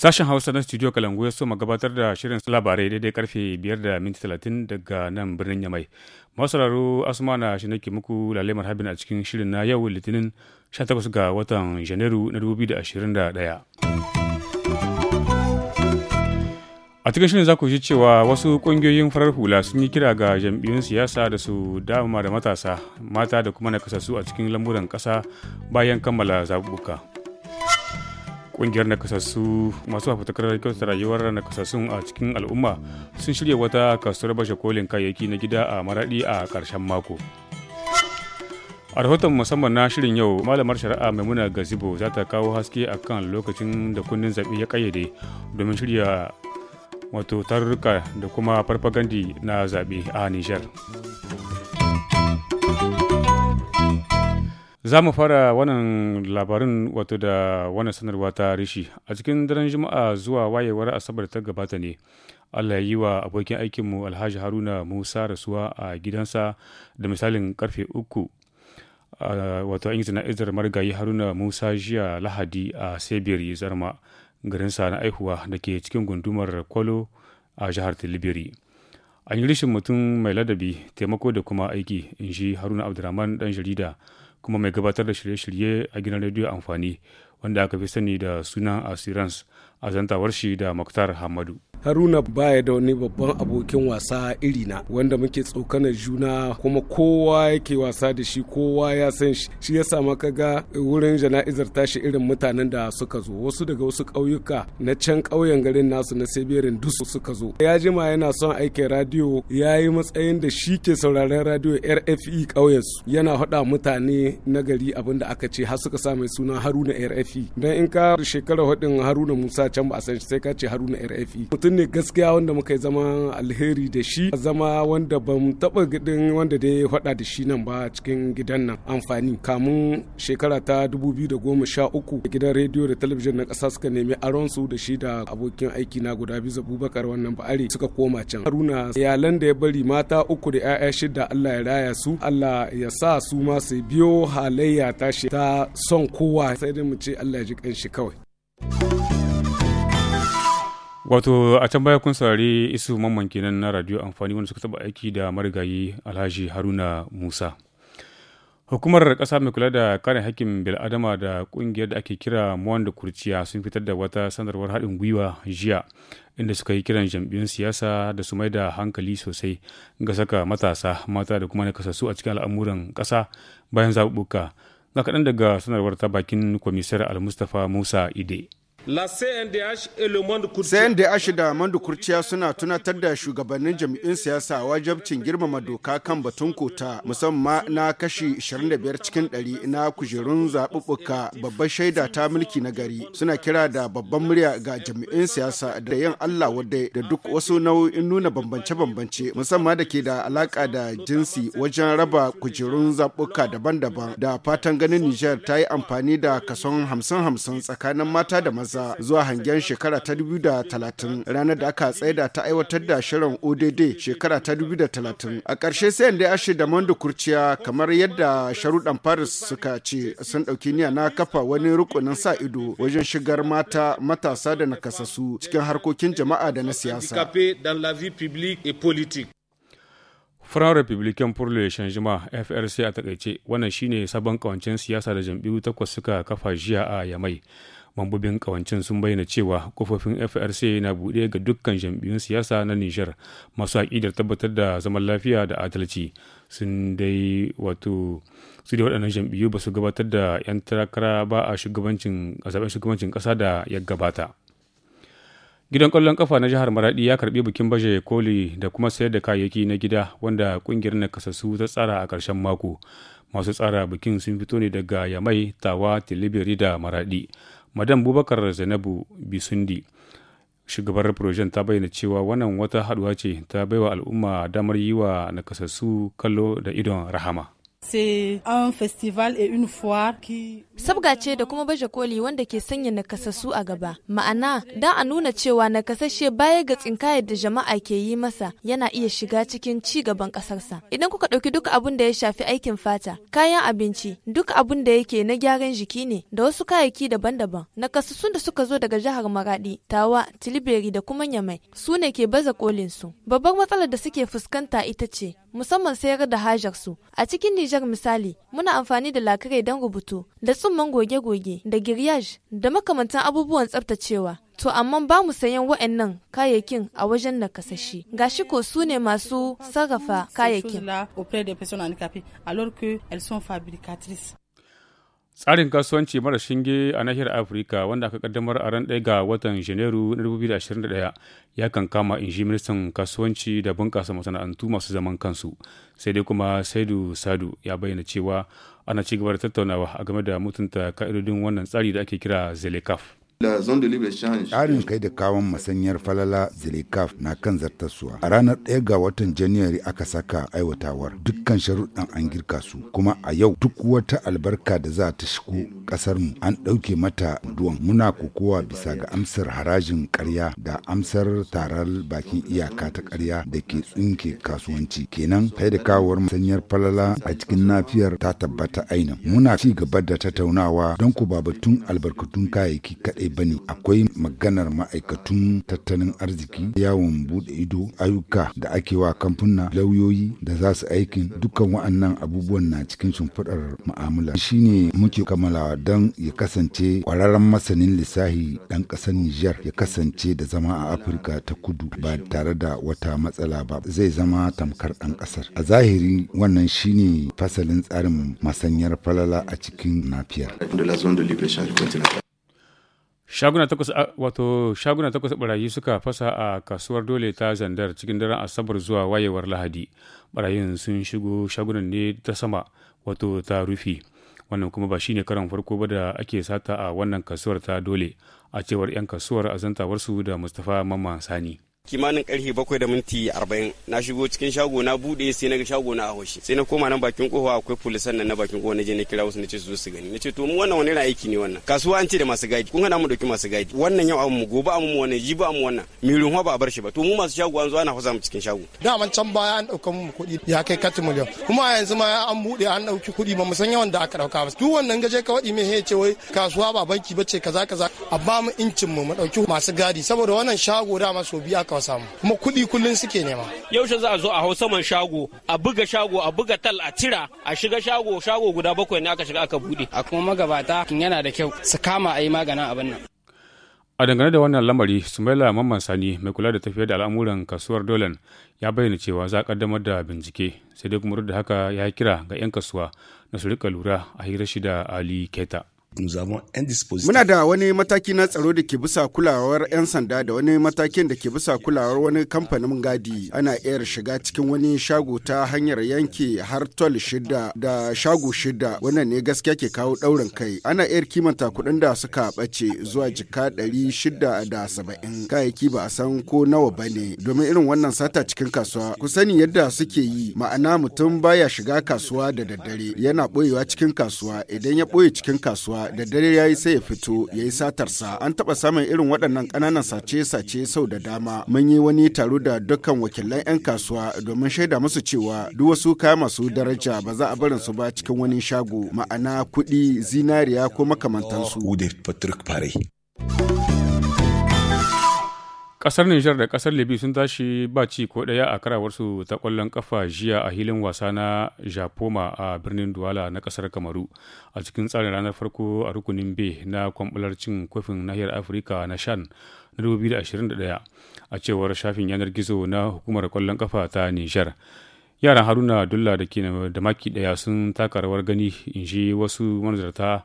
Sashen Hausa na Studio Kalangu ya so gabatar da shirin labarai daidai karfe 5 da minti 30 daga nan birnin Yamai. Masararru Asmana shi nake muku lalemar harbin a cikin shirin na yau Litinin 18 ga watan Janairu na 2021. a cikin shirin za ku ji cewa wasu kungiyoyin farar hula sun yi kira ga jam'iyyun siyasa da su dama da matasa mata da kuma nakasassu a cikin lamuran ƙasa bayan kammala zaɓuɓɓuka ƙungiyar nakasassu masu fafutukar kyautar rayuwar nakasassun a cikin al'umma sun shirya wata kasuwar bashe kolin kayayyaki na gida a maraɗi a ƙarshen mako a rahoton musamman na shirin yau malamar shari'a maimuna gazibo za ta kawo haske akan lokacin da kundin zaɓe ya ƙayyade domin shirya wato tarurruka da kuma farfagandi na zaɓe a Nijar. Za mu fara wannan labarin wato da wannan sanarwa ta rishi a cikin daren Juma'a zuwa wayewar Asabar ta gabata ne. Allah ya yi wa abokin aikinmu Alhaji Haruna Musa rasuwa a gidansa da misalin karfe uku wato an yi jana'izar marigayi Haruna Musa jiya Lahadi a Sebiri Zarma garinsa na aihuwa da ke cikin gundumar kwalo a jihar tilibiri an yi rishin mutum mai ladabi taimako da kuma aiki in shi haruna abdurrahman dan jarida kuma mai gabatar da shirye-shirye a gidan rediyo amfani wanda aka fi sani da sunan asirans a zantawar shi da muktar hamadu haruna baya da wani babban abokin wasa iri na wanda muke tsokanar juna kuma kowa yake wasa da shi kowa ya san shi shi yasa maka ga wurin jana'izar tashi irin mutanen da suka zo wasu daga wasu ƙauyuka na can ƙauyen garin nasu na seberin dusu suka zo ya jima yana son aikin radiyo ya yi matsayin da shi ke sauraren radiyo rfe ƙauyen yana haɗa mutane na gari abin da aka ce har suka sa mai suna haruna rfe don in ka shekara hudin haruna musa can ba a san shi sai ka ce haruna rfe mutum ne gaskiya wanda muka yi zama alheri da shi a zama wanda ban taba gidin wanda da ya faɗa da shi nan ba cikin gidan nan amfani kamun shekara ta 2013 gidan rediyo da talabijin na ƙasa suka nemi aron su da shi da abokin aiki na guda biyu abubakar wannan ba'are suka koma can haruna iyalan da ya bari mata uku da 'ya'ya shida allah ya raya su allah ya sa su ma su biyo halayya shi. ta son kowa sai dai mu ce allah ya ji kanshi kawai wato a can baya kun saurari isu mamman kenan na radio amfani wanda suka taba aiki da marigayi alhaji haruna musa hukumar ƙasa mai kula da kare hakkin bil'adama da ƙungiyar da ake kira muwan da kurciya sun fitar da wata sanarwar haɗin gwiwa jiya inda suka yi kiran jam'iyyun siyasa da su mai da hankali sosai ga saka matasa mata da kuma nakasassu a cikin al'amuran ƙasa bayan zaɓuɓɓuka ga kaɗan daga sanarwar ta bakin kwamisar al-mustapha musa ide CNDH da Mandukurciya suna tunatar da shugabannin jami'in siyasa wajabcin girmama doka kan batun kota musamman na kashi 25 cikin 100 na kujerun zaɓuɓɓuka babbar shaida ta mulki na gari suna kira da babban murya ga jami'in siyasa da yin Allah wadda da duk wasu nau'in nuna bambance-bambance musamman da ke da alaka da jinsi wajen raba kujerun zaɓuɓɓuka daban-daban da fatan ganin Nijar ta yi amfani da kason 50-50 tsakanin mata da maza. zuwa hangen shekara ta 2030 ranar da aka tsaida ta aiwatar da shirin odd shekara ta 2030 a ƙarshe sai ya ashe da mando kurciya kamar yadda sharuɗan paris suka ce sun ɗauki niyya na kafa wani rukunin sa ido wajen shigar mata matasa da nakasassu cikin harkokin jama'a da na siyasa Front Republican pour le Changement FRC a takaice wannan shine sabon kawancin siyasa da jam'iyyu takwas suka kafa jiya a Yamai. mambobin kawancin sun bayyana cewa kofofin frc na buɗe ga dukkan jam'iyyun siyasa na nijar masu aƙidar tabbatar da zaman lafiya da adalci sun dai wato su da waɗannan jam'iyyu ba su gabatar da 'yan takara ba a shugabancin shugabancin ƙasa da ya gabata gidan ƙwallon kafa na jihar maradi ya karbi bikin baje koli da kuma sayar da kayayyaki na gida wanda ƙungiyar nakasassu ta tsara a ƙarshen mako masu tsara bikin sun fito ne daga yamai tawa tilibiri da maradi madam bubakar zainabu bisundi shugabar projen ta bayyana cewa wannan wata haduwa ce ta baiwa al'umma damar yi wa nakasassu kallo da idon rahama C'est festival et une sabga ce da kuma baje koli wanda ke sanya nakasassu a gaba ma'ana don a nuna cewa nakasashe baya ga tsinkayar da jama'a ke yi masa yana iya shiga cikin ci gaban kasarsa. idan kuka ɗauki duka abun da ya shafi aikin fata kayan abinci duk abun da yake na gyaran jiki ne da wasu kayayyaki daban-daban nakasassun da suka zo daga jihar maradi tawa tilberi da kuma nyamai su ne ke baza kolin su babbar matsalar da suke fuskanta ita ce musamman sayar da hajar su a cikin nijar misali muna amfani da lakare don rubutu da man goge-goge da giryaj da makamantan abubuwan tsaftacewa. To amma ba mu sayan wa'annan kayayyakin a wajen nakasashe. shi ko su ne masu sarrafa kayayyakin. Tsarin kasuwanci mara shinge a nahiyar Afirka wanda aka kaddamar a ran ɗaya ga watan Janairu na 2021 ya kan kama in ji ministan kasuwanci da bunƙasa masana'antu masu zaman kansu. Sai dai kuma Saidu Sadu ya bayyana cewa ana cigaba da tattaunawa a game da mutunta ka'idodin wannan tsari da ake kira Zelekaf. Tsarin kai da kawon masanyar falala zilikaf na kan zartaswa. A ranar ɗaya ga watan Janairu aka saka aiwatawar dukkan sharuɗan an girka su, kuma a yau duk wata albarka da za ta shigo mu, an ɗauke mata duwan muna kokowa bisa ga amsar harajin karya da amsar tarar bakin iyaka ta karya da ke tsinke kasuwanci kenan kawar masanyar falala a cikin nafiyar ta tabbata ainihin muna ci gaba da tattaunawa don ku ba albarkatun kayayyaki kaɗai ne. akwai maganar ma'aikatun tattalin arziki yawon buɗe ido ayyuka da ake wa kamfuna lauyoyi da za su aikin dukkan wa'annan abubuwan na cikin shimfiɗar mu'amala shine muke kammalawa don ya kasance kwararren masanin lissahi ɗan ƙasar Nijar ya kasance da zama a Afirka ta kudu ba tare da wata matsala ba zai zama tamkar ɗan ƙasar. A zahiri wannan shine fasalin tsarin masanyar falala a cikin nafiyar. shaguna takwas wato barayi suka fasa a kasuwar dole ta zandar cikin daren asabar zuwa wayewar lahadi barayin sun shigo shagunan ne ta sama wato ta rufi wannan kuma ba shine karan farko ba da ake sata a wannan kasuwar ta dole a cewar 'yan kasuwar a zantawarsu da mustapha mamman sani kimanin karfe bakwai da minti arba'in na shigo cikin shago na bude sai na ga shago na ahoshi sai na koma nan bakin kofa akwai polisan nan na bakin kofa na je na kira wasu na ce su zo su gani na ce to mu wannan wani na aiki ne wannan kasuwa an ce da masu gadi kun hana mu dauki masu gadi wannan yau mu gobe amu wannan ji ba amu wannan ruwa ba bar shi ba to mu masu shago an zo ana hausa mu cikin shago da man can baya an dauka mu kuɗi ya kai katin miliyan kuma yanzu ma an bude an dauki kuɗi ba mu san yawan da aka dauka ba duk wannan gaje ka waɗi me he ce wai kasuwa ba banki ba ce kaza kaza a ba mu incin mu mu dauki masu gadi saboda wannan shago da ma biya ka samu kuma kuɗi kullun suke nema yaushe za a zo a hau saman shago a buga shago a buga tal a tira a shiga shago shago guda bakwai ne aka shiga aka bude a kuma magabata yana da kyau su kama a yi maganin abin nan a dangane da wannan lamari sumaila mamman sani mai kula da tafiyar da al'amuran kasuwar dolan ya bayyana cewa za a kaddamar da bincike sai dai kuma da haka ya kira ga 'yan kasuwa na su rika lura a hirar shi da ali keta Muna da wani mataki na tsaro da ke bisa kulawar 'yan sanda da wani matakin da ke bisa kulawar wani kamfanin gadi ana iya shiga cikin wani shago ta hanyar yanke har tol shida da shago shida wannan ne gaskiya ke kawo daurin kai ana iya kimanta kuɗin da suka bace zuwa jika ɗari shida da saba'in kayayyaki ba a san ko nawa ba ne domin irin wannan sata cikin kasuwa ku sani yadda suke yi ma'ana mutum baya shiga kasuwa da daddare yana ɓoyewa cikin kasuwa idan ya ɓoye cikin kasuwa da dare ya yi sai ya fito ya yi satarsa an taɓa samun irin waɗannan ƙananan sace-sace sau da dama mun yi wani taro da dukkan wakilan 'yan kasuwa domin shaida musu cewa duk wasu kaya masu daraja ba za a barin su ba cikin wani shago ma'ana kuɗi zinariya ko makamantansu. Kasar Nijar da kasar Libya sun tashi ba ci ko daya a karawarsu ta kwallon kafa jiya a hilin wasa na Japoma a birnin Duwala na kasar Kamaru a cikin tsarin ranar farko a rukunin B na kwambular cin kofin nahiyar Afirka na Shan na 2021 a cewar shafin yanar gizo na hukumar kwallon kafa ta Nijar. Yaran Haruna Dulla da ke da maki daya sun taka rawar gani in ji wasu manzarta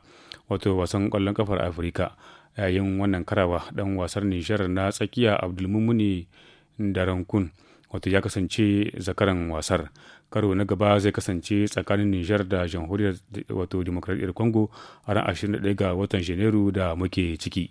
wato wasan ƙwallon kafar Afirka. yayin wannan karawa dan wasar nijar na tsakiya abdulmumuni da rankun wato ya kasance zakaran wasar karo na gaba zai kasance tsakanin nijar da jamhuriyar wato demokradiyyar congo a ran 21 ga watan janairu da muke ciki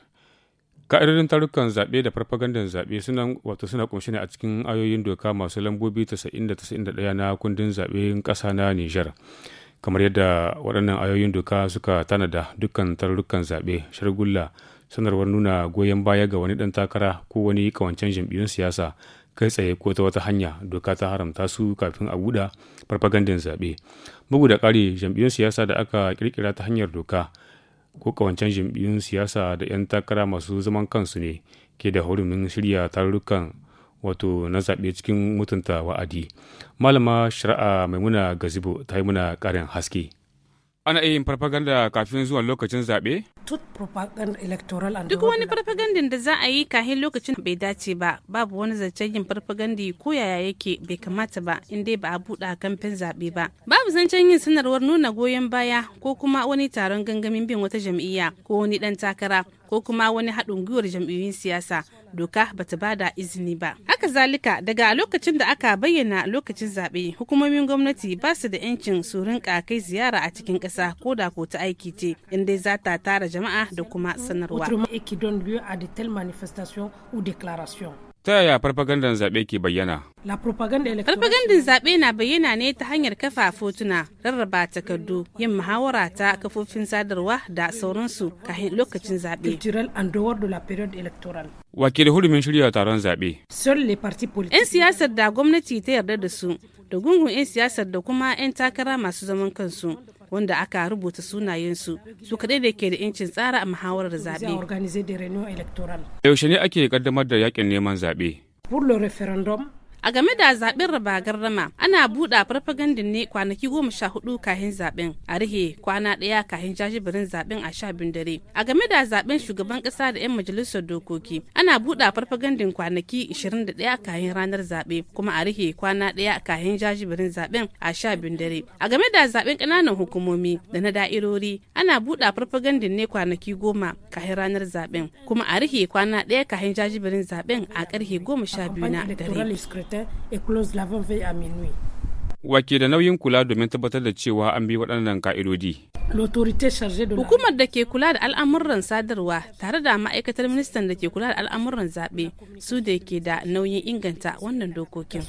ka'idodin tarukan zaɓe da farfagandan zaɓe suna wato suna kunshi ne a cikin ayoyin doka masu lambobi 90 da 91 na kundin zaɓen ƙasa na Nijar. Kamar yadda waɗannan ayoyin doka suka tanada dukkan tarukan zaɓe, shargulla, sanarwar nuna goyon baya ga wani ɗan takara ko wani kawancen jam'iyyun siyasa kai tsaye ko ta wata hanya doka ta haramta su kafin a buɗa farfagandan zaɓe. Bugu da ƙari jam'iyyun siyasa da aka ƙirƙira ta hanyar doka ko kawancen jam'iyyun siyasa da 'yan takara masu zaman kansu ne ke da hurumin shirya tarurrukan wato na zaɓe cikin mutunta wa'adi malama shari'a maimuna gazibo ta yi muna ƙarin haske Ana iya yin farfaganda kafin zuwan lokacin zaɓe? Duk wani farfagandin da za a yi kafin lokacin bai dace ba, babu wani zancen yin farfagandi ko yaya yake bai kamata ba in dai ba a buɗe kamfen zaɓe ba. Babu zancen yin sanarwar nuna goyon baya ko kuma wani taron gangamin bin wata jam'iyya ko wani ɗan takara ko kuma wani haɗin gwiwar jam'iyyun siyasa. doka ba bata bada izini ba haka zalika daga lokacin da aka bayyana lokacin zaɓe hukumomin gwamnati ba su da yancin su rinka kai ziyara a cikin ƙasa ko da ko ta aiki ce inda za ta tara jama'a da kuma sanarwa ta yaya farfagandan zaɓe ke bayyana farfagandan zaɓe na bayyana ne ta hanyar kafa fotuna rarraba takardu yin muhawara ta kafofin sadarwa da sauransu kahin lokacin zaɓe Wakil hurumin shirya taron zaɓe. 'Yan siyasar da gwamnati ta yarda da su, da gungun 'yan siyasar da kuma 'yan takara masu zaman kansu. wanda aka rubuta sunayensu su kaɗai da ke da incin tsara a muhawarar zaɓe. Yaushe ne ake kaddamar da yaƙin neman zaɓe? A game da zaɓen raba gardama ana buɗa farfagandin ne kwanaki goma sha hudu kahin zaben a rihe kwana ɗaya kahin jajibirin zaben a sha biyun dare. A game da zaɓen shugaban ƙasa da 'yan majalisar dokoki ana buɗa farfagandin kwanaki 21 kahin ranar zaɓe kuma a rihe kwana ɗaya kahin jajibirin zaben a sha biyun dare. A game da zaɓen ƙananan hukumomi da na da'irori ana buɗa farfagandin ne kwanaki goma kahin ranar zaɓen kuma a rihe kwana ɗaya kahin jajibirin zaɓen a karhe goma sha biyu na dare. matin et la à minuit. Wake da nauyin kula domin tabbatar da cewa an bi waɗannan ka'idodi. Hukumar da ke kula da al'amuran sadarwa tare da ma'aikatar ministan da ke kula da al'amuran zaɓe su da ke da nauyin inganta wannan dokokin.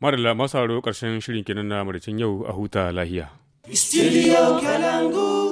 Madalla masu karshen shirin kenan na maricin yau a huta lahiya. Studio Kalangu.